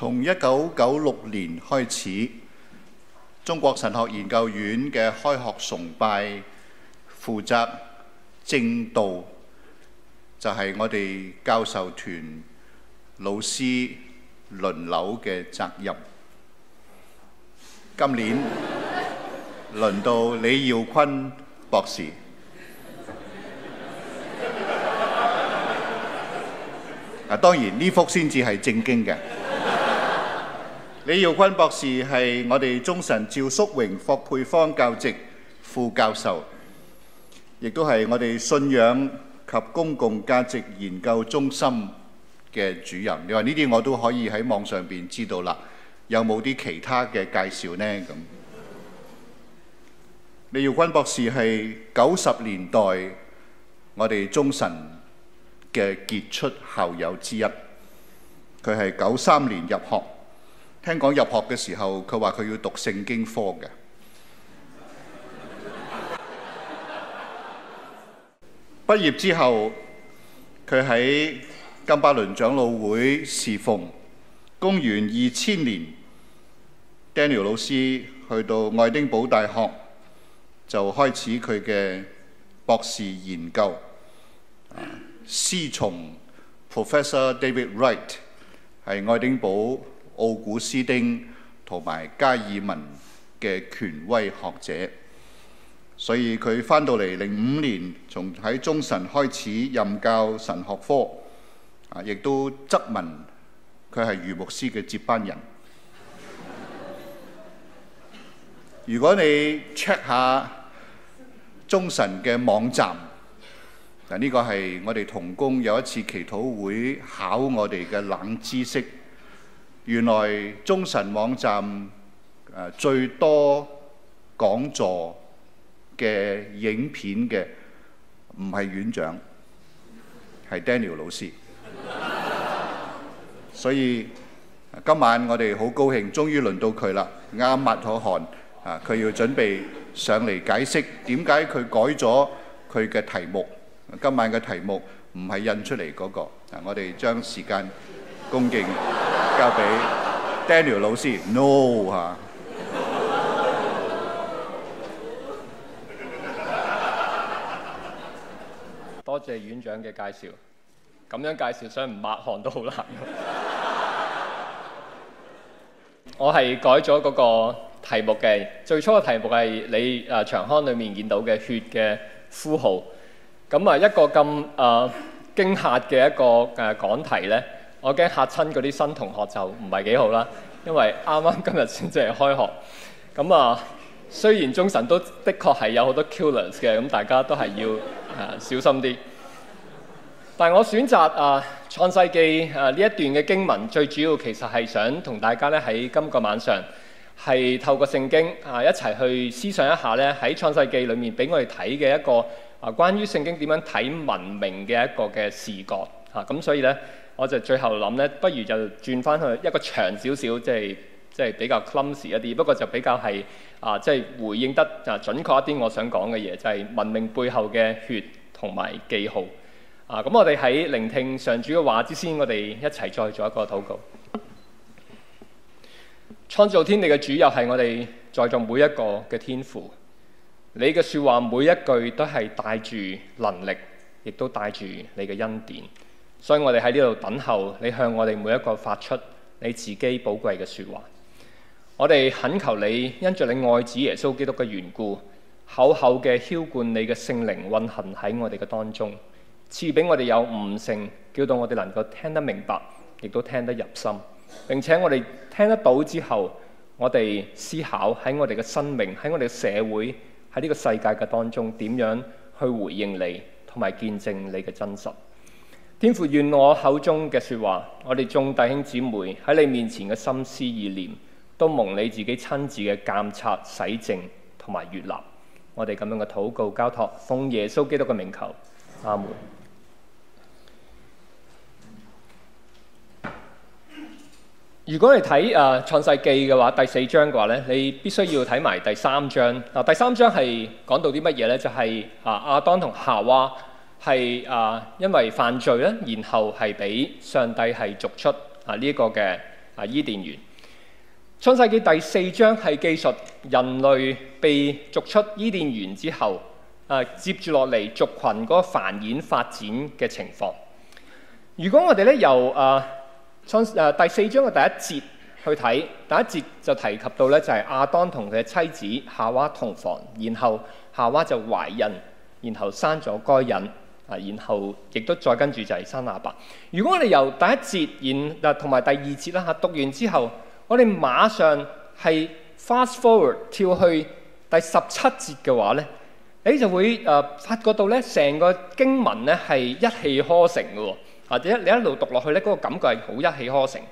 從一九九六年開始，中國神學研究院嘅開學崇拜負責證道，就係我哋教授團老師輪流嘅責任。今年輪到李耀坤博士。啊，當然呢幅先至係正經嘅。李耀坤博士係我哋中神趙淑榮、霍佩芳教席副教授，亦都係我哋信仰及公共價值研究中心嘅主任。你話呢啲我都可以喺網上面知道啦。有冇啲其他嘅介紹呢？咁李耀坤博士係九十年代我哋中神嘅傑出校友之一，佢係九三年入學。聽講入學嘅時候，佢話佢要讀聖經科嘅。畢 業之後，佢喺金巴倫長老會侍奉。公元二千年，Daniel 老師去到愛丁堡大學，就開始佢嘅博士研究。師從 Professor David Wright 係愛丁堡。奧古斯丁同埋加爾文嘅權威學者，所以佢翻到嚟零五年，從喺中神開始任教神學科，啊，亦都質問佢係余牧師嘅接班人。如果你 check 下中神嘅網站，啊，呢個係我哋同工有一次祈禱會考我哋嘅冷知識。原來中神網站，誒最多講座嘅影片嘅唔係院長，係 Daniel 老師，所以今晚我哋好高興，終於輪到佢啦，啱抹咗汗啊！佢要準備上嚟解釋點解佢改咗佢嘅題目。今晚嘅題目唔係印出嚟嗰個啊！我哋將時間。恭敬交俾 Daniel 老師。 No 嚇、huh?，多謝院長嘅介紹。咁樣介紹，想唔抹汗都好難。 我係改咗嗰個題目嘅。最初嘅題目係你誒長腔裡面見到嘅血嘅呼號。咁啊，一個咁誒、呃、驚嚇嘅一個誒、呃、講題咧。我驚嚇親嗰啲新同學就唔係幾好啦，因為啱啱今日先至係開學，咁啊，雖然中神都的確係有好多 killers 嘅，咁大家都係要啊小心啲。但係我選擇啊創世記啊呢一段嘅經文，最主要其實係想同大家咧喺今個晚上係透過聖經啊一齊去思想一下咧喺創世記裡面俾我哋睇嘅一個啊關於聖經點樣睇文明嘅一個嘅視覺啊咁，所以咧。我就最後諗咧，不如就轉翻去一個長少少，即係即係比較 clumsy 一啲，不過就比較係啊，即係回應得啊準確一啲。我想講嘅嘢就係文明背後嘅血同埋記號啊！咁我哋喺聆聽上主嘅話之先，我哋一齊再做一個禱告。創造天地嘅主又係我哋在座每一個嘅天父。你嘅説話每一句都係帶住能力，亦都帶住你嘅恩典。所以我哋喺呢度等候你向我哋每一個發出你自己寶貴嘅說話。我哋懇求你因着你愛子耶穌基督嘅緣故，厚厚嘅澆灌你嘅聖靈運行喺我哋嘅當中，賜俾我哋有悟性，叫到我哋能夠聽得明白，亦都聽得入心，並且我哋聽得到之後，我哋思考喺我哋嘅生命、喺我哋嘅社會、喺呢個世界嘅當中，點樣去回應你同埋見證你嘅真實。天父，願我口中嘅説話，我哋眾弟兄姊妹喺你面前嘅心思意念，都蒙你自己親自嘅監察、洗淨同埋悅納。我哋咁樣嘅禱告交託，奉耶穌基督嘅名求，阿門。如果你睇啊創世記嘅話，第四章嘅話咧，你必須要睇埋第三章。啊、呃，第三章係講到啲乜嘢咧？就係、是、啊，亞、呃、當同夏娃。係啊，因為犯罪咧，然後係俾上帝係逐出啊呢一個嘅啊伊甸園。創世記第四章係記述人類被逐出伊甸園之後，啊接住落嚟族群嗰個繁衍發展嘅情況。如果我哋咧由啊創啊第四章嘅第一節去睇，第一節就提及到咧就係、是、亞當同佢嘅妻子夏娃同房，然後夏娃就懷孕，然後生咗該隱。啊，然後亦都再跟住就係生亞伯。如果我哋由第一節然後同埋第二節啦嚇，讀完之後，我哋馬上係 fast forward 跳去第十七節嘅話咧，誒就會誒、呃、發覺到咧，成個經文咧係一氣呵成嘅喎，或、啊、者你，你一路讀落去咧，嗰、那個感覺係好一氣呵成的。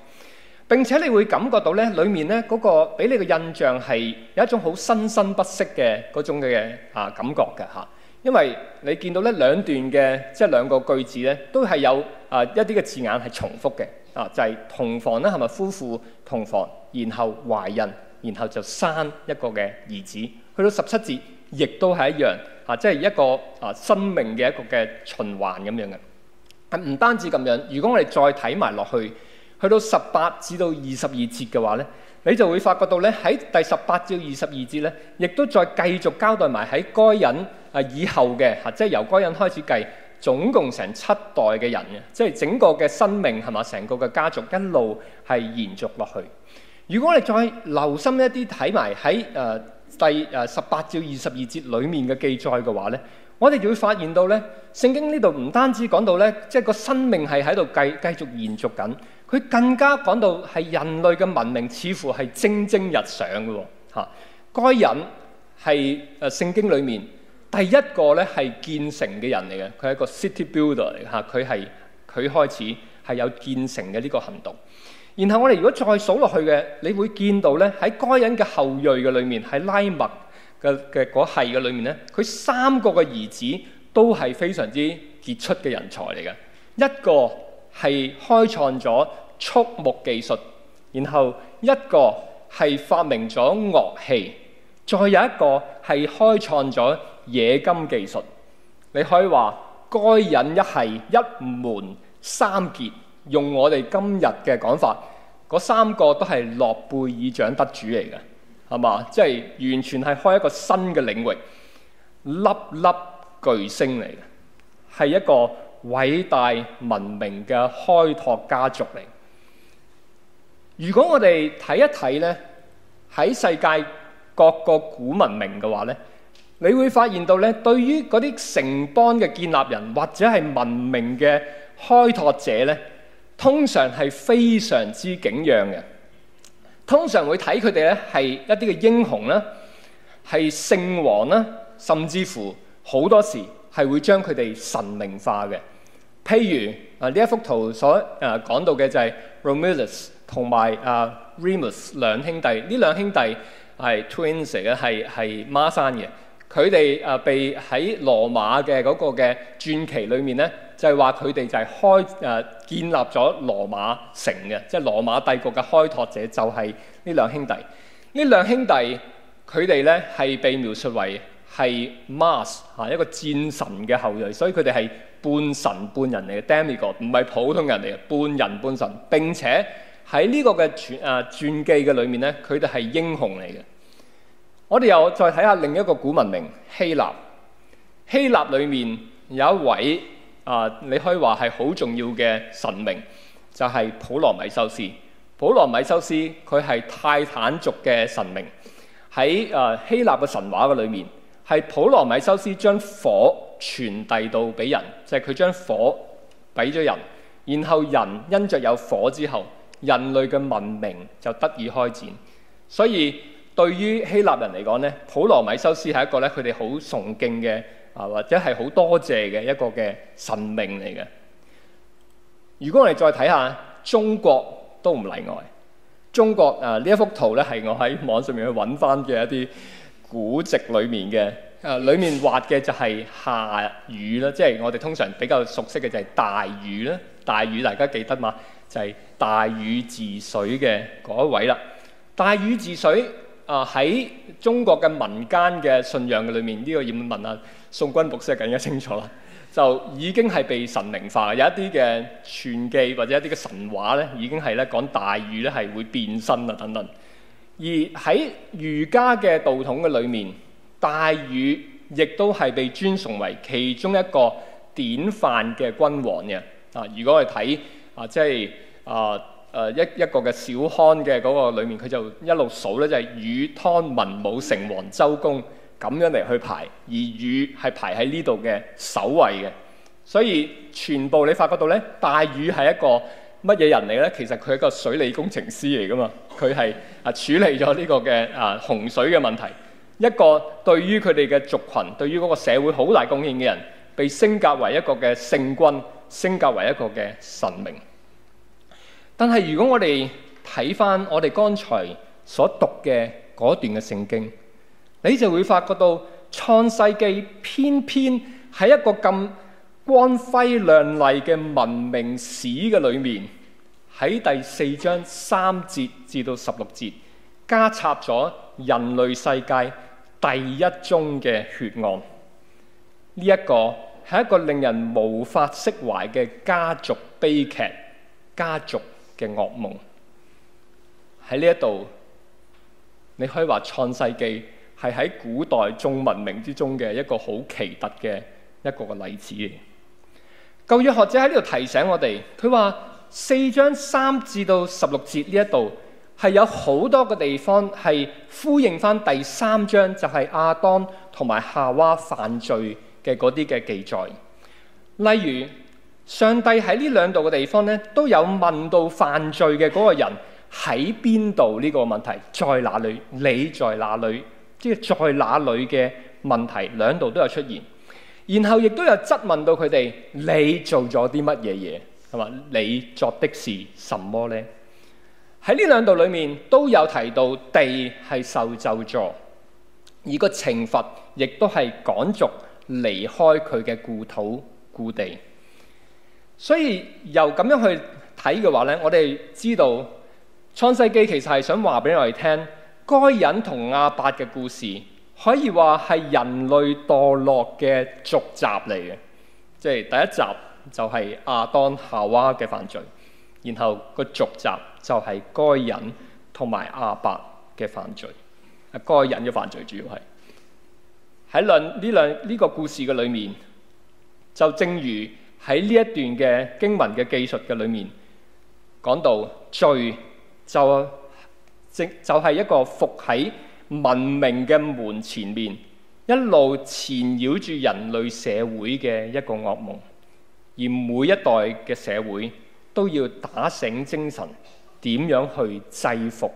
並且你會感覺到咧，裡面咧嗰、那個俾你嘅印象係有一種好生生不息嘅嗰種嘅啊感覺嘅嚇。因為你見到呢兩段嘅即係兩個句子呢，都係有啊一啲嘅字眼係重複嘅啊，就係同房呢，係咪夫婦同房，然後懷孕，然後就生一個嘅兒子。去到十七節，亦都係一樣啊，即係一個啊生命嘅一個嘅循環咁樣嘅。咁唔單止咁樣，如果我哋再睇埋落去，去到十八至到二十二節嘅話呢，你就會發覺到呢，喺第十八至二十二節呢，亦都再繼續交代埋喺該隱。係以後嘅，吓，即係由該隱開始計，總共成七代嘅人嘅，即係整個嘅生命係嘛，成個嘅家族一路係延續落去。如果我哋再留心一啲睇埋喺誒，第誒，十八至二十二節裏面嘅記載嘅話咧，我哋就會發現到咧，聖經呢度唔單止講到咧，即係個生命係喺度繼繼續延續緊，佢更加講到係人類嘅文明似乎係蒸蒸日上嘅吓。該隱係誒、呃、聖經裏面。第一個咧係建城嘅人嚟嘅，佢係一個 city builder 嚟嘅吓，佢係佢開始係有建城嘅呢個行動。然後我哋如果再數落去嘅，你會見到咧喺該隱嘅後裔嘅裏面，喺拉麥嘅嘅嗰係嘅裏面咧，佢三個嘅兒子都係非常之傑出嘅人才嚟嘅。一個係開創咗畜牧技術，然後一個係發明咗樂器，再有一個係開創咗。冶金技術，你可以話該隱一係一門三傑，用我哋今日嘅講法，嗰三個都係諾貝爾獎得主嚟嘅，係嘛？即係完全係開一個新嘅領域，粒粒巨星嚟嘅，係一個偉大文明嘅開拓家族嚟。如果我哋睇一睇呢，喺世界各個古文明嘅話呢。你會發現到咧，對於嗰啲城邦嘅建立人或者係文明嘅開拓者咧，通常係非常之景仰嘅。通常會睇佢哋咧係一啲嘅英雄啦，係聖王啦，甚至乎好多時係會將佢哋神明化嘅。譬如啊，呢一幅圖所誒講到嘅就係 Romulus 同埋啊 Remus 兩兄弟，呢兩兄弟係 twins 嘅，係係孖生嘅。佢哋誒被喺羅馬嘅嗰個嘅傳奇裏面咧，就係話佢哋就係開誒建立咗羅馬城嘅，即係羅馬帝國嘅開拓者就係呢兩兄弟。呢兩兄弟佢哋咧係被描述為係馬斯嚇一個戰神嘅後裔，所以佢哋係半神半人嚟嘅 Demigod，唔係普通人嚟嘅，半人半神。並且喺呢個嘅傳誒傳記嘅裏面咧，佢哋係英雄嚟嘅。我哋又再睇下另一個古文明，希臘。希臘裏面有一位啊、呃，你可以話係好重要嘅神明，就係、是、普羅米修斯。普羅米修斯佢係泰坦族嘅神明，喺啊、呃、希臘嘅神話嘅裏面，係普羅米修斯將火傳遞到俾人，就係佢將火俾咗人，然後人因着有火之後，人類嘅文明就得以開展。所以對於希臘人嚟講咧，普羅米修斯係一個咧，佢哋好崇敬嘅啊，或者係好多謝嘅一個嘅神明嚟嘅。如果我哋再睇下中國，都唔例外。中國啊，呢一幅圖咧係我喺網上面去揾返嘅一啲古籍裏面嘅啊，裏面畫嘅就係下雨啦，即係我哋通常比較熟悉嘅就係大禹啦。大禹大家記得嘛？就係大禹治水嘅嗰一位啦。大禹治水。啊！喺中國嘅民間嘅信仰嘅裏面，呢、這個要問下宋君博士更加清楚啦，就已經係被神靈化，有一啲嘅傳記或者一啲嘅神話咧，已經係咧講大禹咧係會變身啊等等。而喺儒家嘅道統嘅裏面，大禹亦都係被尊崇為其中一個典範嘅君王嘅。啊，如果我哋睇啊，即係啊。呃誒一一個嘅小康嘅嗰個裏面，佢就一路數咧，就係禹湯文武成王周公咁樣嚟去排，而禹係排喺呢度嘅首位嘅。所以全部你發覺到咧，大禹係一個乜嘢人嚟咧？其實佢係一個水利工程師嚟噶嘛，佢係啊處理咗呢個嘅啊洪水嘅問題，一個對於佢哋嘅族羣，對於嗰個社會好大貢獻嘅人，被升格為一個嘅聖君，升格為一個嘅神明。但係如果我哋睇返我哋剛才所讀嘅嗰段嘅聖經，你就會發覺到創世記偏偏喺一個咁光輝亮麗嘅文明史嘅裏面，喺第四章三節至到十六節，加插咗人類世界第一宗嘅血案。呢一個係一個令人無法釋懷嘅家族悲劇，家族嘅噩夢喺呢一度，你可以話創世記係喺古代眾文明之中嘅一個好奇特嘅一個嘅例子。舊約學者喺呢度提醒我哋，佢話四章三至到十六節呢一度係有好多個地方係呼應翻第三章，就係、是、亞當同埋夏娃犯罪嘅嗰啲嘅記載，例如。上帝喺呢兩度嘅地方咧，都有問到犯罪嘅嗰個人喺邊度呢個問題，在哪裡？你在哪裏？即係在哪裏嘅問題，兩度都有出現。然後亦都有質問到佢哋：你做咗啲乜嘢嘢？係嘛？你作的是什麼呢？喺呢兩度裏面都有提到地係受咒詛，而個懲罰亦都係趕逐離開佢嘅故土故地。所以由咁樣去睇嘅話呢，我哋知道創世記其實係想話俾我哋聽，該隱同亞伯嘅故事可以話係人類墮落嘅續集嚟嘅。即係第一集就係亞當夏娃嘅犯罪，然後個續集就係該隱同埋亞伯嘅犯罪。啊，該隱嘅犯罪主要係喺兩呢兩呢、呢個故事嘅裏面，就正如。喺呢一段嘅經文嘅記述嘅裏面，講到罪就正就係、是、一個伏喺文明嘅門前面，一路纏繞住人類社會嘅一個噩夢。而每一代嘅社會都要打醒精神，點樣去制服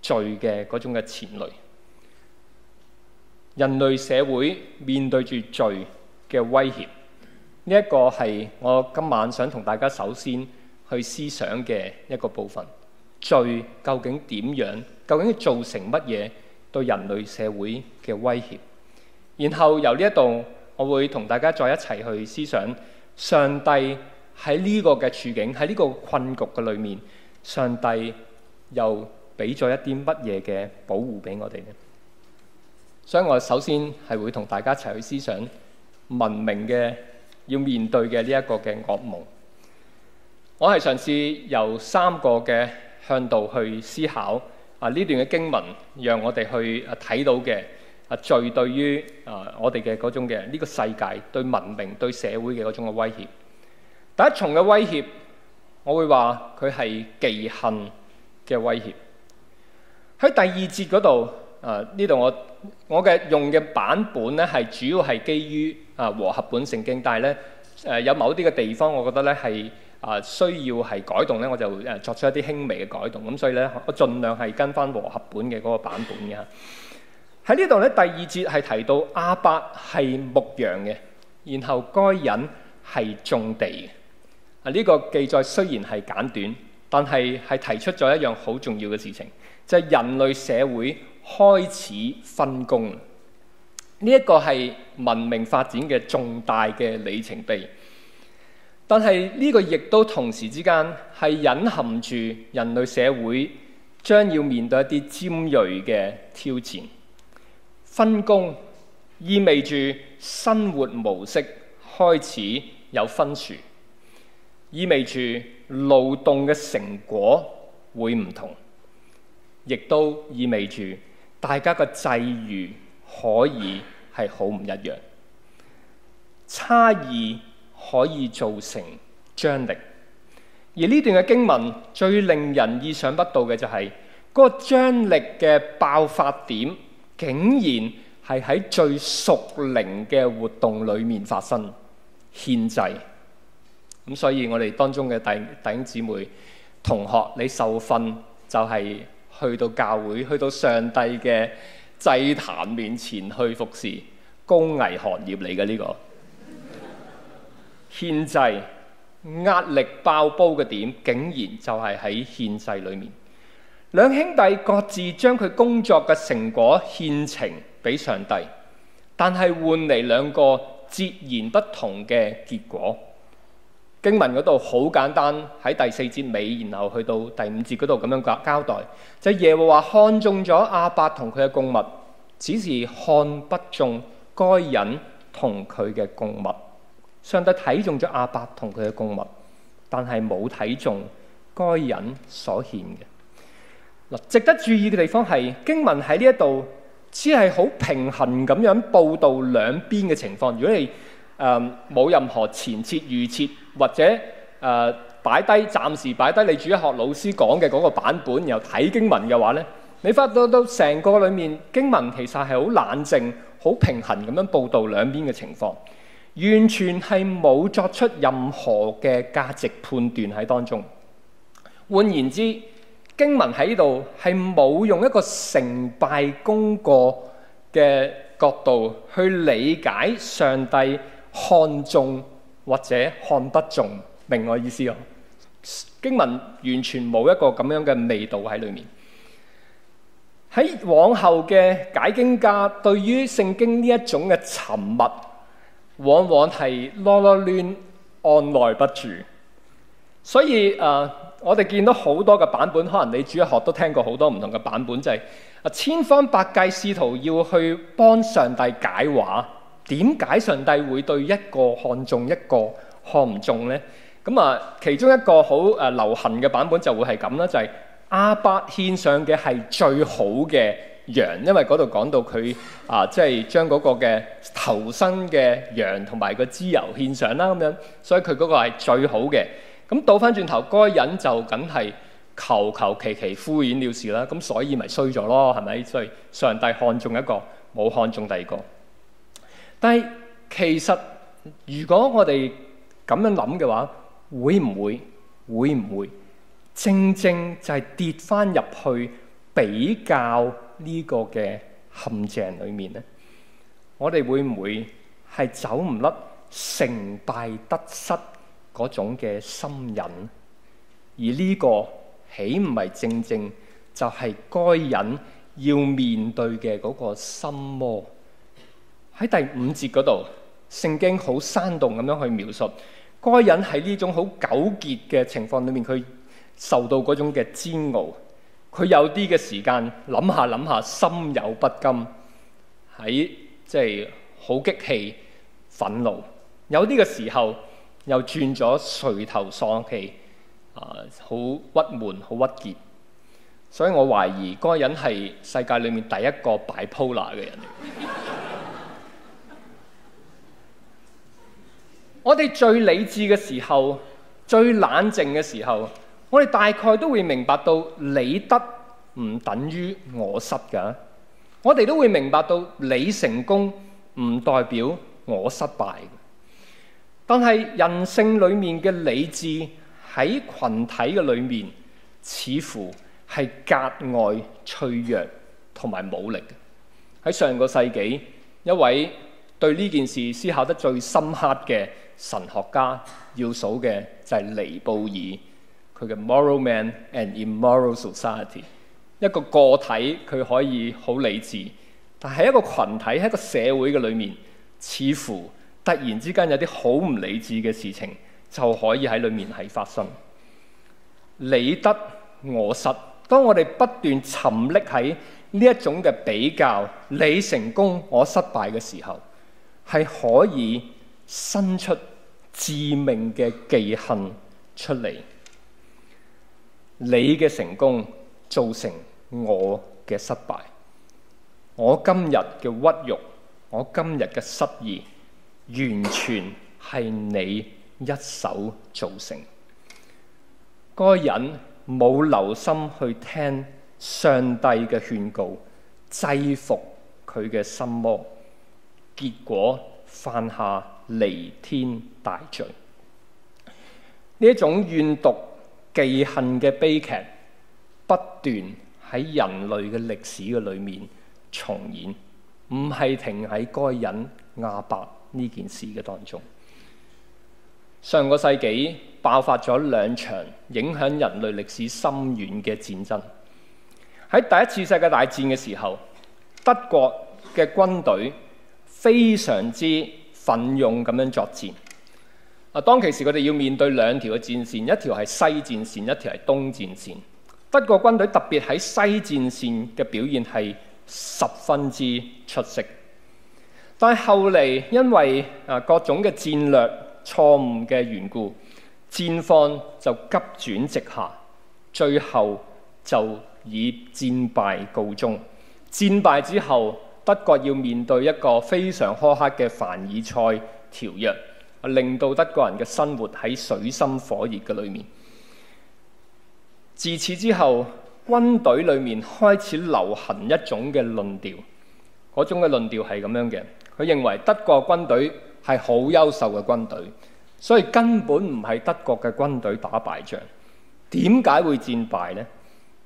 罪嘅嗰種嘅潛力？人類社會面對住罪嘅威脅。呢一個係我今晚想同大家首先去思想嘅一個部分，罪究竟點樣？究竟佢造成乜嘢對人類社會嘅威脅？然後由呢一度，我會同大家再一齊去思想上帝喺呢個嘅處境，喺呢個困局嘅裏面，上帝又俾咗一啲乜嘢嘅保護俾我哋呢？所以我首先係會同大家一齊去思想文明嘅要面對嘅呢一個嘅噩夢，我係嘗試由三個嘅向度去思考啊呢段嘅經文，讓我哋去啊睇到嘅啊罪對於啊我哋嘅嗰種嘅呢個世界對文明對社會嘅嗰種嘅威脅。第一重嘅威脅，啊，我會話佢係忌恨嘅威脅。喺第二節嗰度啊，呢度我我嘅用嘅版本咧，係主要係基於。啊和合本聖經，但係咧誒有某啲嘅地方，我覺得咧係啊需要係改動咧，我就誒作出一啲輕微嘅改動。咁所以咧，我儘量係跟翻和合本嘅嗰個版本嘅嚇。喺呢度咧，第二節係提到亞伯係牧羊嘅，然後該隱係種地嘅。啊、這、呢個記載雖然係簡短，但係係提出咗一樣好重要嘅事情，就係、是、人類社會開始分工。呢一個係文明發展嘅重大嘅里程碑，但係呢個亦都同時之間係隱含住人類社會將要面對一啲尖鋭嘅挑戰。分工意味住生活模式開始有分殊，意味住勞動嘅成果會唔同，亦都意味住大家嘅際遇。可以係好唔一樣，差異可以造成張力。而呢段嘅經文最令人意想不到嘅就係，嗰個張力嘅爆發點竟然係喺最屬靈嘅活動裡面發生，獻祭，咁所以，我哋當中嘅弟兄姊妹、同學，你受訓就係去到教會，去到上帝嘅祭壇面前去服侍，高危行業嚟嘅呢個，獻祭壓力爆煲嘅點，竟然就係喺獻祭裏面，兩兄弟各自將佢工作嘅成果獻呈俾上帝，但係換嚟兩個截然不同嘅結果。經文嗰度好簡單，喺第四節尾，然後去到第五節嗰度咁樣交交代，就是、耶和華看中咗亞伯同佢嘅供物，只是看不中該隱同佢嘅供物。上帝睇中咗亞伯同佢嘅供物，但係冇睇中該隱所獻嘅。嗱，值得注意嘅地方係經文喺呢一度只係好平衡咁樣報道兩邊嘅情況。如果你誒、嗯、冇任何前設預設，或者誒擺低，暫時擺低你主學老師講嘅嗰個版本，然後睇經文嘅話呢，你發覺到成個裡面經文其實係好冷靜、好平衡咁樣報導兩邊嘅情況，完全係冇作出任何嘅價值判斷喺當中。換言之，經文喺度係冇用一個成敗功過嘅角度去理解上帝。看重或者看不重，明白我意思咯？經文完全冇一個咁樣嘅味道喺裏面。喺往後嘅解經家對於聖經呢一種嘅沉默，往往係囉囉攣，按捺不住。所以誒、呃，我哋見到好多嘅版本，可能你主日學都聽過好多唔同嘅版本，就係、是、千方百計試圖要去幫上帝解話。點解上帝會對一個看中一個看唔中呢？咁啊，其中一個好誒流行嘅版本就會係咁啦，就係、是、亞伯獻上嘅係最好嘅羊，因為嗰度講到佢啊，即、就、係、是、將嗰個嘅頭生嘅羊同埋個脂油獻上啦咁樣，所以佢嗰個係最好嘅。咁倒翻轉頭，該隱、那個、人就梗係求求其其敷衍了事啦，咁所以咪衰咗咯，係咪？所以上帝看中一個，冇看中第二個。但係，其實如果我哋咁樣諗嘅話，會唔會會唔會正正就係跌翻入去比較呢個嘅陷阱裡面呢？我哋會唔會係走唔甩成敗得失嗰種嘅心癮？而呢個，豈唔係正正就係該隱要面對嘅嗰個心魔？喺第五節嗰度，聖經好生動咁樣去描述，該人喺呢種好糾結嘅情況裏面，佢受到嗰種嘅煎熬。佢有啲嘅時間諗下諗下，心有不甘，喺即係好激氣、憤怒。有啲嘅時候又轉咗垂頭喪氣，啊，好鬱悶、好鬱結。所以我懷疑該人係世界裏面第一個 bipolar 嘅人。我哋最理智嘅時候，最冷靜嘅時候，我哋大概都會明白到你得唔等於我失噶，我哋都會明白到你成功唔代表我失敗。但係人性裏面嘅理智喺群體嘅裏面，似乎係格外脆弱同埋武力。喺上個世紀，一位對呢件事思考得最深刻嘅神學家要數嘅就係尼布爾，佢嘅《Moral Man and Immoral Society》，一個個體，佢可以好理智，但係一個羣體，喺一個社會嘅裏面，似乎突然之間有啲好唔理智嘅事情就可以喺裏面係發生。你得我失，當我哋不斷沉溺喺呢一種嘅比較，你成功我失敗嘅時候，係可以，.伸出致命嘅忌恨出嚟，你嘅成功造成我嘅失敗，我今日嘅屈辱，我今日嘅失意，完全係你一手造成。嗰個人冇留心去聽上帝嘅勸告，制服佢嘅心魔，結果犯下。彌天大罪。呢一種怨毒忌恨嘅悲劇，不斷喺人類嘅歷史嘅裏面重演，唔係停喺該隱亞伯呢件事嘅當中。上個世紀爆發咗兩場影響人類歷史深遠嘅戰爭。喺第一次世界大戰嘅時候，德國嘅軍隊非常之奮勇咁樣作戰。啊，當其時佢哋要面對兩條嘅戰線，一條係西戰線，一條係東戰線。德國軍隊特別喺西戰線嘅表現係十分之出色。但係後嚟因為各種嘅戰略錯誤嘅緣故，戰況就急轉直下，最後就以戰敗告終。戰敗之後，德國要面對一個非常苛刻嘅凡爾賽條約，令到德國人嘅生活喺水深火熱嘅裏面。自此之後，軍隊裏面開始流行一種嘅論調，嗰種嘅論調係咁樣嘅。佢認為德國軍隊係好優秀嘅軍隊，所以根本唔係德國嘅軍隊打敗仗。點解會戰敗呢？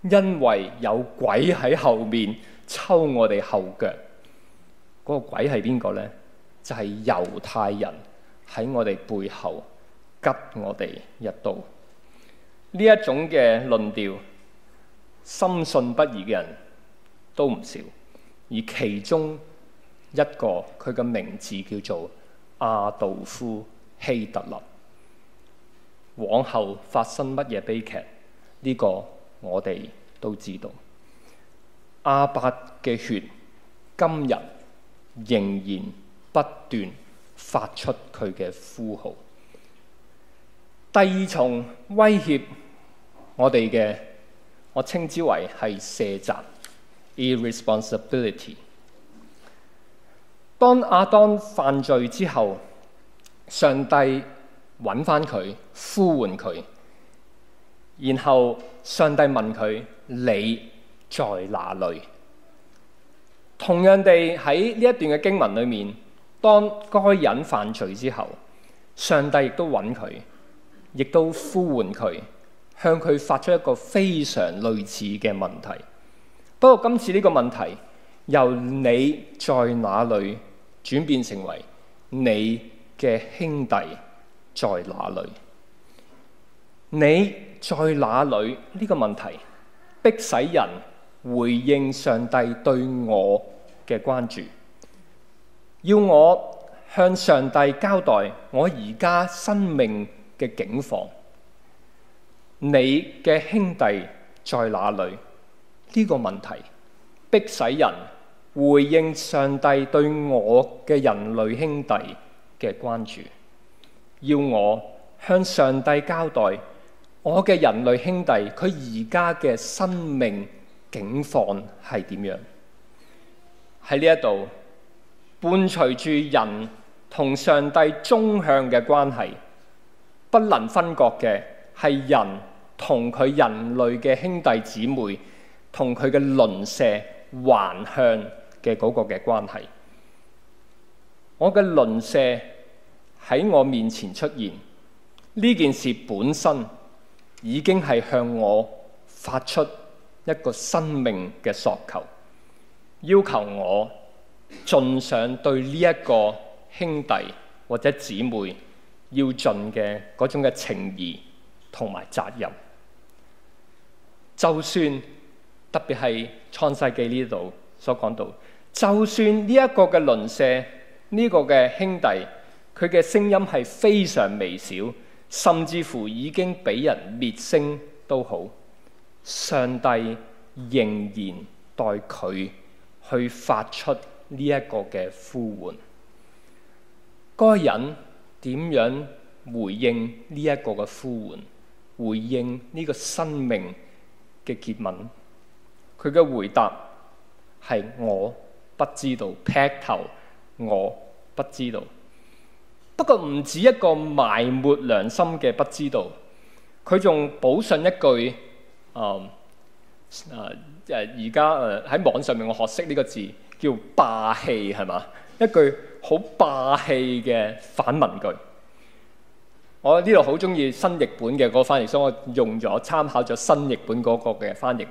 因為有鬼喺後面抽我哋後腳。嗰、那個鬼係邊個呢？就係、是、猶太人喺我哋背後吉我哋一刀。呢一種嘅論調，深信不疑嘅人都唔少。而其中一個佢嘅名字叫做阿道夫希特勒。往後發生乜嘢悲劇，呢個我哋都知道。亞伯嘅血今日，仍然不斷發出佢嘅呼號。第二重威脅，我哋嘅我稱之為係卸責 （irresponsibility）。當亞當犯罪之後，上帝揾返佢，呼喚佢，然後上帝問佢：「你在哪裏？」同樣地喺呢一段嘅經文裏面，當該隱犯罪之後，上帝亦都揾佢，亦都呼喚佢，向佢發出一個非常類似嘅問題。不過今次呢個問題由你在哪裏轉變成為你嘅兄弟在哪裏？你在哪裏呢個問題逼使人回應上帝對我嘅關注，要我向上帝交代我而家生命嘅境況。你嘅兄弟在哪裏？呢、這個問題逼使人回應上帝對我嘅人類兄弟嘅關注，要我向上帝交代我嘅人類兄弟佢而家嘅生命境況係點樣？喺呢一度，伴隨住人同上帝縱向嘅關係，不能分割嘅係人同佢人類嘅兄弟姊妹同佢嘅鄰舍橫向嘅嗰個嘅關係。我嘅鄰舍喺我面前出現，呢件事本身已經係向我發出一個生命嘅索求，要求我盡上對呢一個兄弟或者姊妹要盡嘅嗰種嘅情義同埋責任，就算特別係創世紀呢度所講到，就算呢一個嘅鄰舍呢、呢個嘅兄弟，佢嘅聲音係非常微小，甚至乎已經俾人滅聲都好，上帝仍然待佢，去發出呢一個嘅呼喚，該隱點樣回應呢一個嘅呼喚？回應呢個生命嘅結吻，佢嘅回答係我不知道，劈頭我不知道。不過唔止一個埋沒良心嘅不知道，佢仲補上一句：，um, uh, 誒而家誒喺網上面，我學識呢個字叫霸氣，係嘛？一句好霸氣嘅反問句。我呢度好中意新譯本嘅嗰個翻譯，所以我用咗參考咗新譯本嗰個嘅翻譯。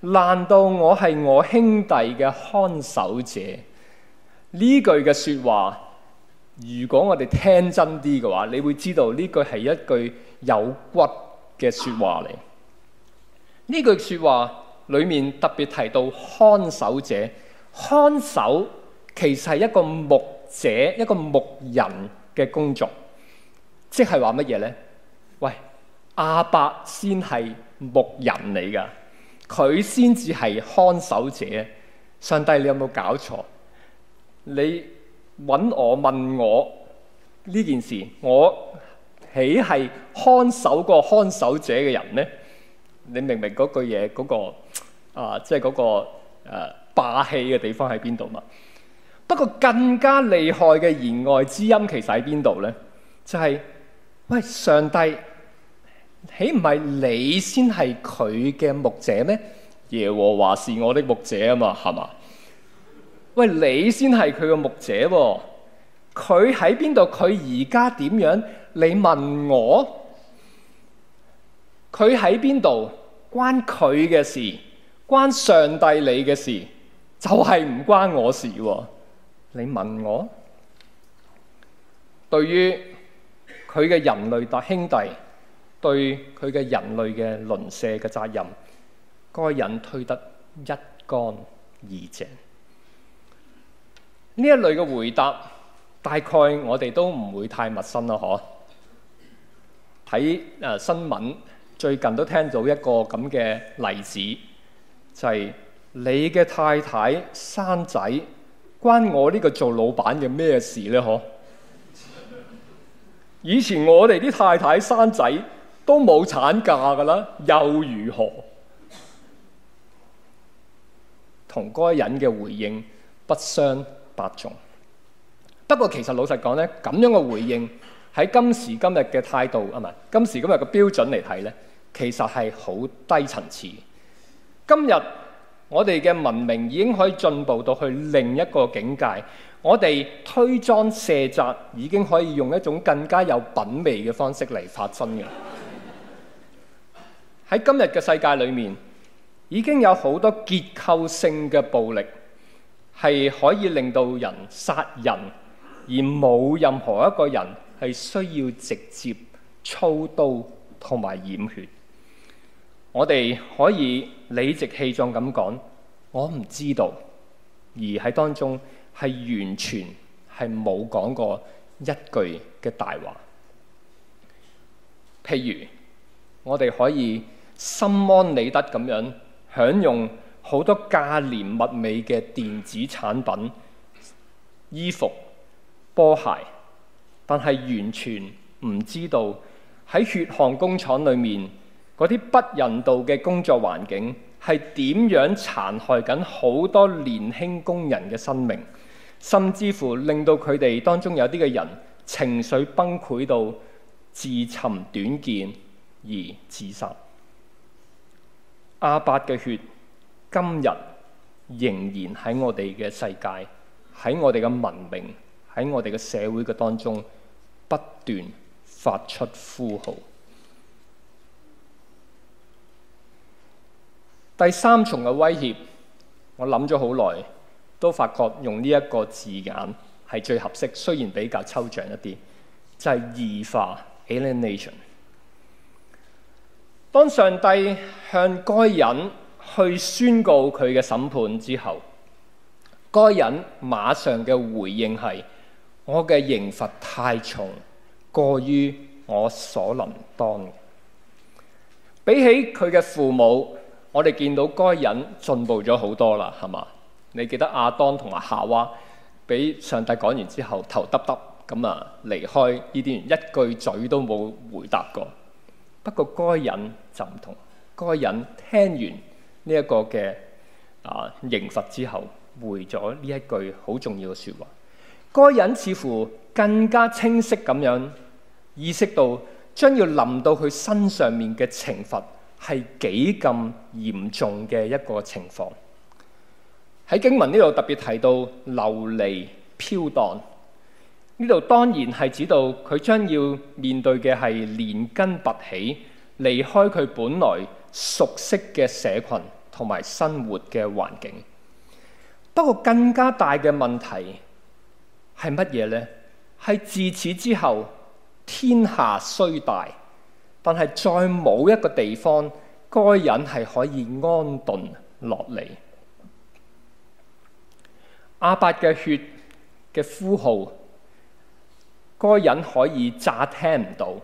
難道我係我兄弟嘅看守者？呢句嘅説話，如果我哋聽真啲嘅話，你會知道呢句係一句有骨嘅説話嚟。呢句説話。裏面特別提到看守者，看守其實係一個牧者、一個牧人嘅工作，即係話乜嘢呢？喂，亞伯先係牧人嚟㗎，佢先至係看守者。上帝你有沒有，你有冇搞錯？你揾我問我呢件事，我豈係看守個看守者嘅人呢？你明唔明嗰句嘢？嗰、那個。啊，即係嗰個誒霸氣嘅地方喺邊度嘛？不過更加厲害嘅言外之音，其實喺邊度呢？就係、是、喂，上帝，豈唔係你先係佢嘅牧者咩？耶和華是我的牧者啊嘛，係嘛？喂，你先係佢嘅牧者，啊，佢喺邊度？佢而家點樣？你問我？佢喺邊度？關佢嘅事。關上帝你嘅事就係、是、唔關我的事喎、啊。你問我，對於佢嘅人類大兄弟對佢嘅人類嘅鄰舍嘅責任，該、那個、人推得一乾二淨。呢一類嘅回答，大概我哋都唔會太陌生咯。嗬，睇、呃、誒新聞最近都聽到一個咁嘅例子。就係、是、你嘅太太生仔，關我呢個做老闆嘅咩事呢？呵！以前我哋啲太太生仔都冇產假噶啦，又如何？同該隱嘅回應不相伯仲。不過其實老實講呢，咁樣嘅回應喺今時今日嘅態度啊，唔係今時今日嘅標準嚟睇呢，其實係好低層次。今日我哋嘅文明已經可以進步到去另一個境界。我哋推裝卸責已經可以用一種更加有品味嘅方式嚟發生嘅。喺今日嘅世界裏面，已經有好多結構性嘅暴力係可以令到人殺人，而冇任何一個人係需要直接操刀同埋染血。我哋可以。理直氣壯咁講，我唔知道，而喺當中係完全係冇講過一句嘅大話。譬如我哋可以心安理得咁樣享用好多價廉物美嘅電子產品、衣服、波鞋，但係完全唔知道喺血汗工廠裏面。嗰啲不人道嘅工作環境係點樣殘害緊好多年輕工人嘅生命，甚至乎令到佢哋當中有啲嘅人情緒崩潰到自尋短見而自殺。亞伯嘅血今日仍然喺我哋嘅世界，喺我哋嘅文明，喺我哋嘅社會嘅當中不斷發出呼號。第三重嘅威脅，我諗咗好耐，都發覺用呢一個字眼係最合適，雖然比較抽象一啲，就係異化 （alienation）。當上帝向該隱去宣告佢嘅審判之後，該隱馬上嘅回應係：我嘅刑罰太重，過於我所能當嘅。比起佢嘅父母。我哋見到該隱進步咗好多啦，係嘛？你記得亞當同埋夏娃俾上帝講完之後，頭耷耷咁啊，離開伊甸園一句嘴都冇回答過。不過該隱就唔同，該隱聽完呢一個嘅、啊、刑罰之後，回咗呢一句好重要嘅説話。該隱似乎更加清晰咁樣意識到將要臨到佢身上面嘅懲罰。係幾咁嚴重嘅一個情況。喺經文呢度特別提到流離飄蕩，呢度當然係指到佢將要面對嘅係連根拔起，離開佢本來熟悉嘅社群同埋生活嘅環境。不過更加大嘅問題係乜嘢呢？係自此之後，天下雖大。但係，再冇一個地方，該隱係可以安頓落嚟。亞伯嘅血嘅呼號，該隱可以詐聽唔到，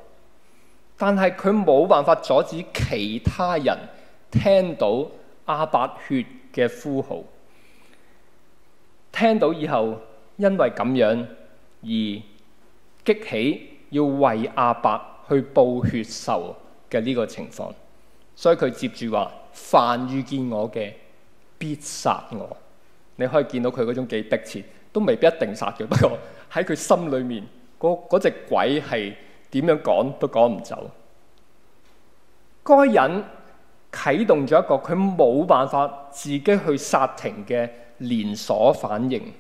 但係佢冇辦法阻止其他人聽到亞伯血嘅呼號。聽到以後，因為咁樣而激起要為亞伯去報血仇嘅呢個情況，所以佢接住話：凡遇見我嘅，必殺我。你可以見到佢嗰種幾逼切，都未必一定殺嘅。不過喺佢心裏面，嗰嗰隻鬼係點樣講都講唔走。該人啟動咗一個佢冇辦法自己去殺停嘅連鎖反應，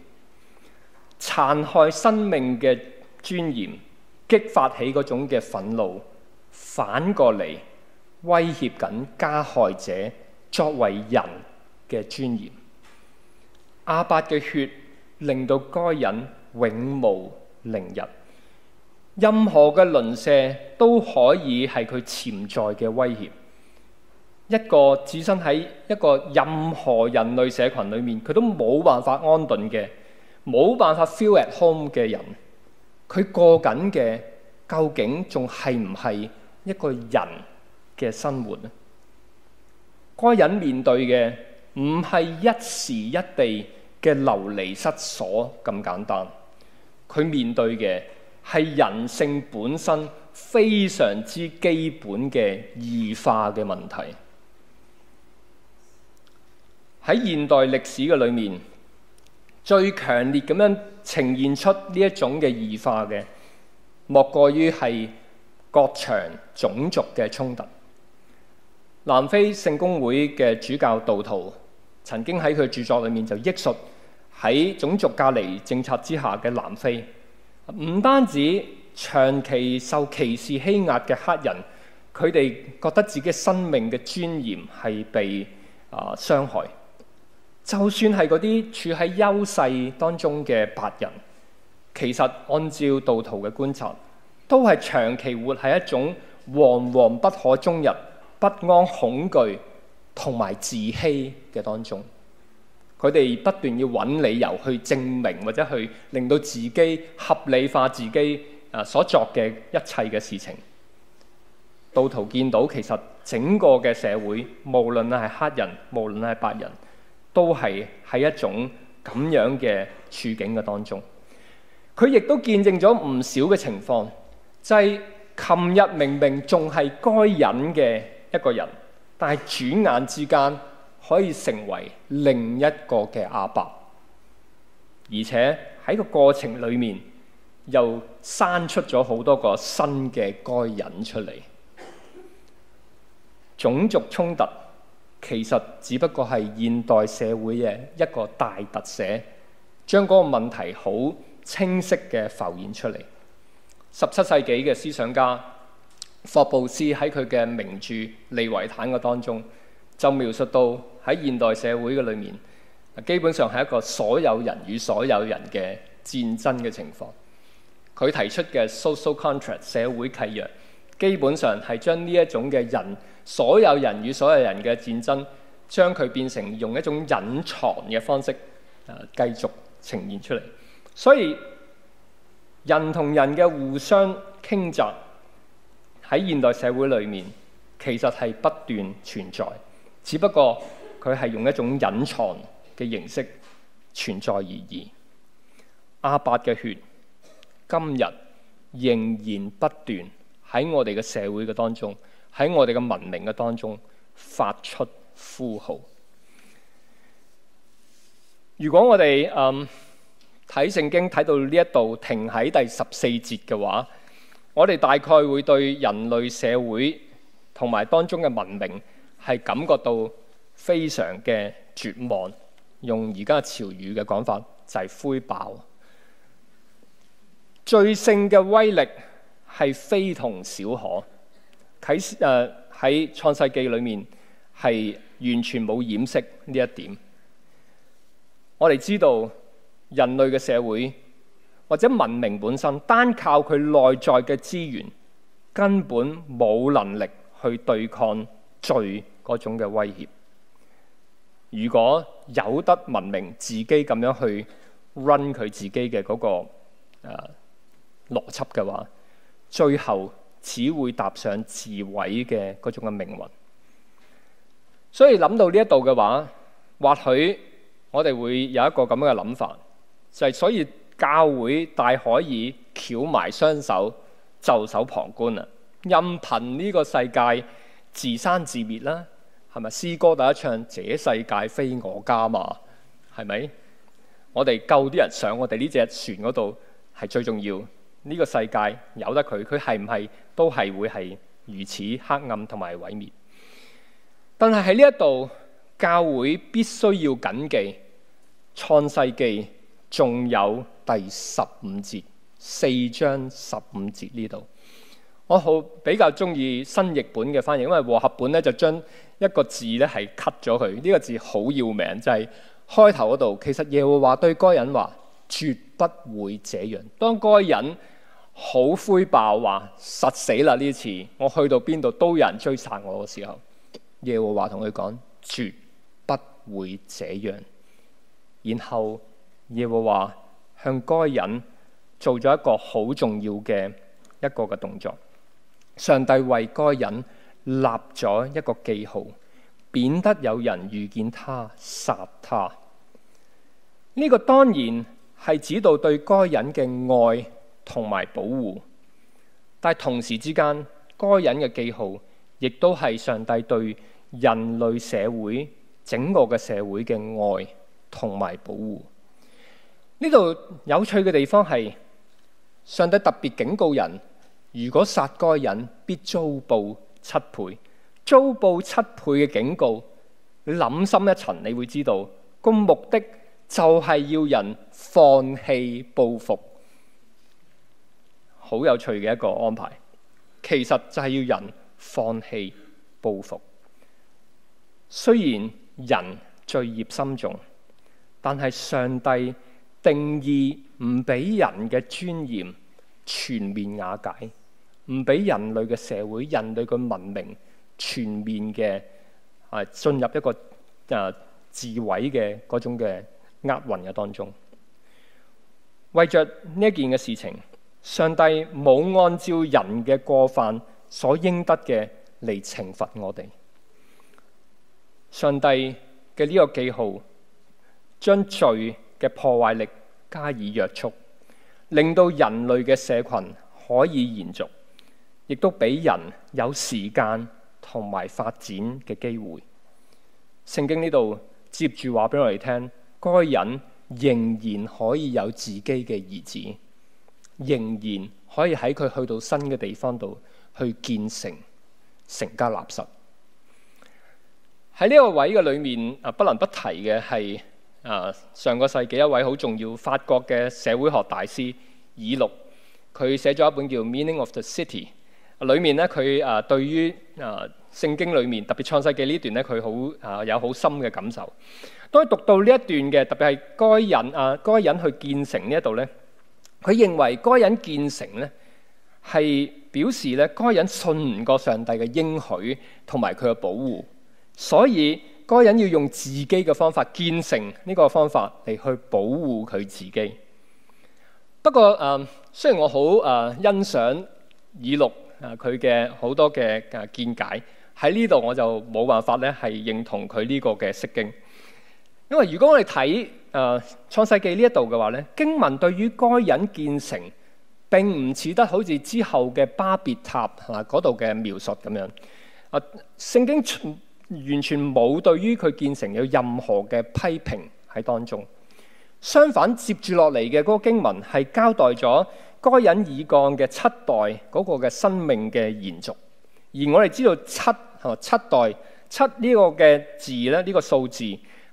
殘害生命嘅尊嚴。激發起嗰種嘅憤怒，反過嚟威脅緊加害者作為人嘅尊嚴。亞伯嘅血令到該隱永無寧日。任何嘅鄰舍都可以係佢潛在嘅威脅。一個置身喺一個任何人類社群裏面，佢都冇辦法安頓嘅，冇辦法 feel at home 嘅人。佢過緊嘅究竟仲係唔係一個人嘅生活呢？該人面對嘅唔係一時一地嘅流離失所咁簡單，佢面對嘅係人性本身非常之基本嘅異化嘅問題。喺現代歷史嘅裏面，最強烈咁樣呈現出呢一種嘅異化嘅，莫過於係各場、種族嘅衝突。南非聖公會嘅主教杜圖曾經喺佢著作裏面就憶述喺種族隔離政策之下嘅南非，唔單止長期受歧視欺壓嘅黑人，佢哋覺得自己生命嘅尊嚴係被啊、呃、傷害。就算係嗰啲處喺優勢當中嘅白人，其實按照道徒嘅觀察，都係長期活喺一種惶惶不可終日、不安、恐懼同埋自欺嘅當中。佢哋不斷要揾理由去證明或者去令到自己合理化自己所作嘅一切嘅事情。道徒見到其實整個嘅社會，無論係黑人，無論係白人，都係喺一種咁樣嘅處境嘅當中，佢亦都見證咗唔少嘅情況，就係琴日明明仲係該隱嘅一個人，但係轉眼之間可以成為另一個嘅亞伯，而且喺個過程裡面又生出咗好多個新嘅該隱出嚟，種族衝突。其實只不過係現代社會嘅一個大特寫，將嗰個問題好清晰嘅浮現出嚟。十七世紀嘅思想家霍布斯喺佢嘅名著《利維坦》嘅當中，就描述到喺現代社會嘅裏面，基本上係一個所有人與所有人嘅戰爭嘅情況。佢提出嘅 social contract 社會契約，基本上係將呢一種嘅人。所有人與所有人嘅戰爭，將佢變成用一種隱藏嘅方式，誒繼續呈現出嚟。所以人同人嘅互相傾責喺現代社會裏面，其實係不斷存在，只不過佢係用一種隱藏嘅形式存在而已。亞伯嘅血，今日仍然不斷喺我哋嘅社會嘅當中。喺我哋嘅文明嘅當中發出呼號。如果我哋嗯睇聖經睇到呢一度停喺第十四節嘅話，我哋大概會對人類社會同埋當中嘅文明係感覺到非常嘅絕望。用而家潮語嘅講法就係灰爆。罪性嘅威力係非同小可。啟誒喺、呃、創世記裏面係完全冇掩飾呢一點。我哋知道人類嘅社會或者文明本身，單靠佢內在嘅資源，根本冇能力去對抗罪嗰種嘅威脅。如果有得文明自己咁樣去 run 佢自己嘅嗰、那個誒、呃、邏輯嘅話，最後，只會踏上自毀嘅嗰種嘅命運，所以諗到呢一度嘅話，或許我哋會有一個咁樣嘅諗法，就係、是、所以教會大可以翹埋雙手袖手旁觀啊，任憑呢個世界自生自滅啦，係咪？詩歌大家唱：這世界非我家嘛，係咪？我哋救啲人上我哋呢隻船嗰度係最重要。呢、這個世界由得佢，佢係唔係都係會係如此黑暗同埋毀滅？但係喺呢一度，教會必須要緊記《創世記》仲有第十五節四章十五節呢度。我好比較中意新譯本嘅翻譯，因為和合本咧就將一個字咧係 cut 咗佢。呢、這個字好要命，就係開頭嗰度。其實耶和華對該隱話：絕不會這樣。當該隱……」好灰爆話，實死啦！呢次我去到邊度都有人追殺我嘅時候，耶和華同佢講絕不會這樣。然後耶和華向該隱做咗一個好重要嘅一個嘅動作，上帝為該隱立咗一個記號，免得有人遇見他殺他。呢、這個當然係指到對該隱嘅愛。同埋保護，但同時之間，該隱嘅記號，亦都係上帝對人類社會整個嘅社會嘅愛同埋保護。呢度有趣嘅地方係，上帝特別警告人：如果殺該隱，必遭報七倍。遭報七倍嘅警告，你諗深一層，你會知道個目的就係要人放棄報復。好有趣嘅一個安排，其實就係要人放棄報復。雖然人罪孽深重，但係上帝定義唔俾人嘅尊嚴全面瓦解，唔俾人類嘅社會、人類嘅文明全面嘅誒進入一個誒自毀嘅嗰種嘅厄運嘅當中。為着呢件嘅事情。上帝冇按照人嘅過犯所應得嘅嚟懲罰我哋。上帝嘅呢個記號，將罪嘅破壞力加以約束，令到人類嘅社群可以延續，亦都俾人有時間同埋發展嘅機會。聖經呢度接住話俾我哋聽，該隱仍然可以有自己嘅兒子。仍然可以喺佢去到新嘅地方度去建成成家立室。喺呢個位嘅裏面啊，不能不提嘅係啊上個世紀一位好重要法國嘅社會學大師爾錄，佢寫咗一本叫《Meaning of the City》。裏面咧佢啊對於啊、呃、聖經裏面特別創世記呢段咧，佢好啊有好深嘅感受。當佢讀到呢一段嘅特別係該隱啊、呃、該隱去建成呢一度咧。佢認為該隱建成呢，係表示咧，該隱信唔過上帝嘅應許同埋佢嘅保護，所以該隱要用自己嘅方法建成呢個方法嚟去保護佢自己。不過，嗯、呃，雖然我好啊、呃，欣賞以錄啊佢嘅好多嘅啊見解喺呢度，我就冇辦法咧係認同佢呢個嘅釋經，因為如果我哋睇，誒、呃、創世紀呢一度嘅話咧，經文對於該隱建成並唔似得好似之後嘅巴別塔嗱嗰度嘅描述咁樣啊。聖經完全冇對於佢建成有任何嘅批評喺當中。相反，接住落嚟嘅嗰個經文係交代咗該隱已降嘅七代嗰個嘅生命嘅延續。而我哋知道七啊七代。七這個呢個嘅字咧，呢、這個數字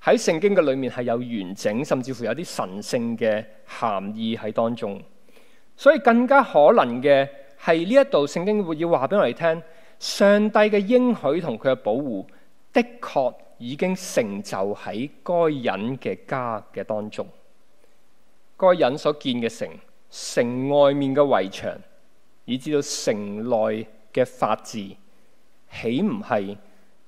喺聖經嘅裏面係有完整，甚至乎有啲神聖嘅含義喺當中。所以更加可能嘅係呢一度聖經會要話俾我哋聽，上帝嘅應許同佢嘅保護的確已經成就喺該隱嘅家嘅當中。該隱所建嘅城，城外面嘅圍牆，以至到城內嘅法治，豈唔係？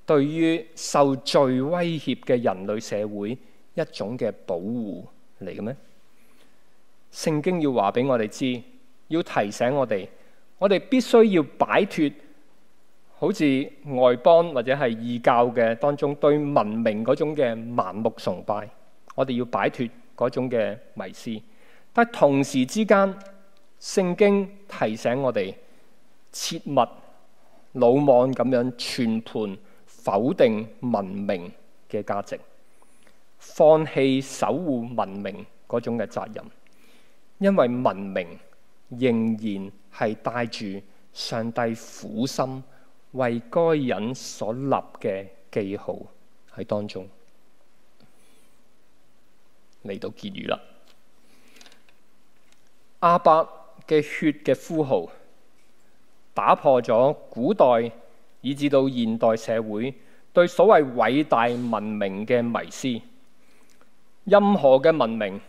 對於受罪威脅嘅人類社會一種嘅保護嚟嘅咩？聖經要話俾我哋知，要提醒我哋，我哋必須要擺脫好似外邦或者係異教嘅當中對文明嗰種嘅盲目崇拜，我哋要擺脫嗰種嘅迷思。但同時之間，聖經提醒我哋切勿魯莽咁樣全盤。否定文明嘅價值，放棄守護文明嗰種嘅責任，因為文明仍然係帶住上帝苦心為該隱所立嘅記號喺當中。嚟到結語啦，亞伯嘅血嘅呼號打破咗古代，以至到現代社會對所謂偉大文明嘅迷思，任何嘅文明，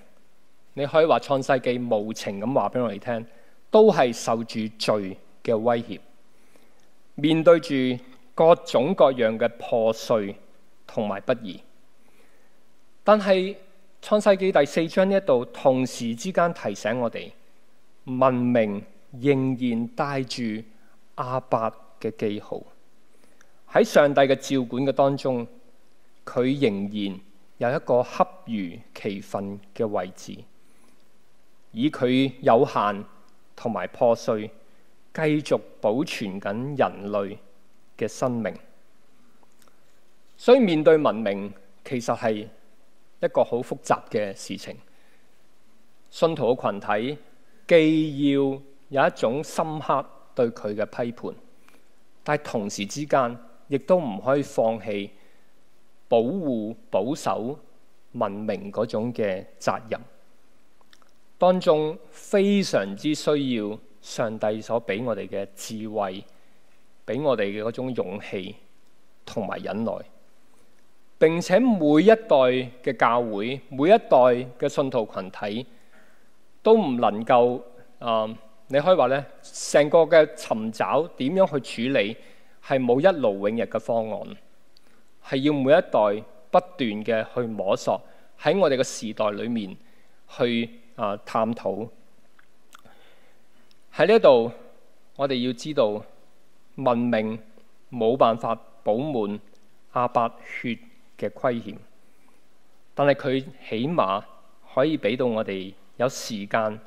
你可以話創世記無情咁話俾我哋聽，都係受住罪嘅威脅，面對住各種各樣嘅破碎同埋不義，但係創世記第四章呢度，同時之間提醒我哋，文明仍然帶住亞伯嘅記號。喺上帝嘅照管嘅當中，佢仍然有一個恰如其分嘅位置，以佢有限同埋破碎，繼續保存緊人類嘅生命。所以面對文明，其實係一個好複雜嘅事情。信徒嘅群體既要有一種深刻對佢嘅批判，但係同時之間，亦都唔可以放棄保護、保守、文明嗰種嘅責任，當中非常之需要上帝所俾我哋嘅智慧，俾我哋嘅嗰種勇氣同埋忍耐，並且每一代嘅教會、每一代嘅信徒群體都唔能夠啊、嗯！你可以話咧，成個嘅尋找點樣去處理？係冇一勞永逸嘅方案，係要每一代不斷嘅去摸索，喺我哋嘅時代裏面去啊，探討。喺呢度，我哋要知道文明冇辦法補滿亞伯血嘅虧欠，但係佢起碼可以俾到我哋有時間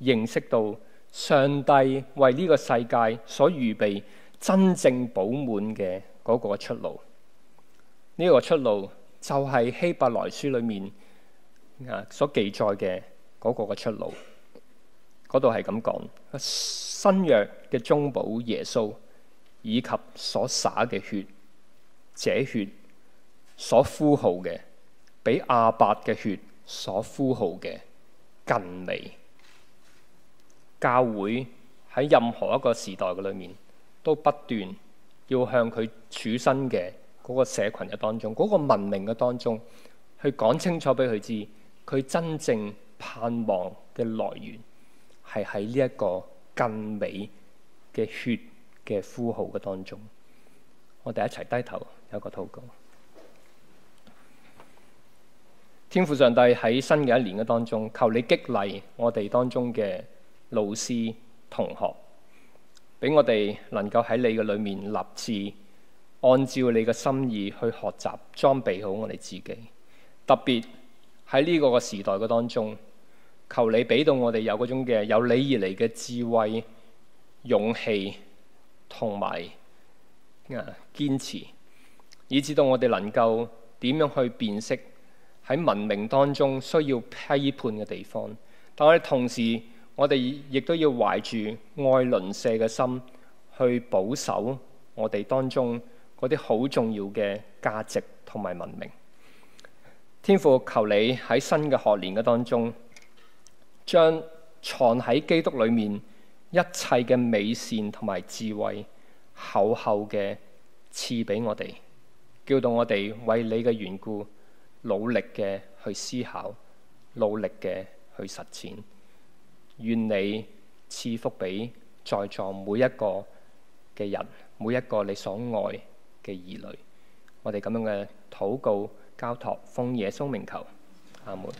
認識到上帝為呢個世界所預備真正飽滿嘅嗰個出路，呢、這個出路就係希伯來書裏面所記載嘅嗰個嘅出路。嗰度係咁講，新約嘅中保耶穌以及所灑嘅血，這血所呼號嘅，比亞伯嘅血所呼號嘅更美。教會喺任何一個時代嘅裏面，都不斷要向佢處身嘅嗰個社群嘅當中，嗰個文明嘅當中，去講清楚俾佢知，佢真正盼望嘅來源係喺呢一個更美嘅血嘅呼號嘅當中。我哋一齊低頭有一個禱告。天父上帝喺新嘅一年嘅當中，求你激勵我哋當中嘅老師同學，俾我哋能夠喺你嘅裏面立志，按照你嘅心意去學習，裝備好我哋自己。特別喺呢個個時代嘅當中，求你俾到我哋有嗰種嘅由你而嚟嘅智慧、勇氣同埋啊堅持，以至到我哋能夠點樣去辨識喺文明當中需要批判嘅地方。但我哋同時，我哋亦都要懷住愛鄰舍嘅心，去保守我哋當中嗰啲好重要嘅價值同埋文明。天父，求你喺新嘅學年嘅當中，將藏喺基督裏面一切嘅美善同埋智慧厚厚嘅賜俾我哋，叫到我哋為你嘅緣故，努力嘅去思考，努力嘅去實踐。願你賜福俾在座每一個嘅人，每一個你所愛嘅兒女。我哋咁樣嘅禱告交託奉耶穌名求，阿門。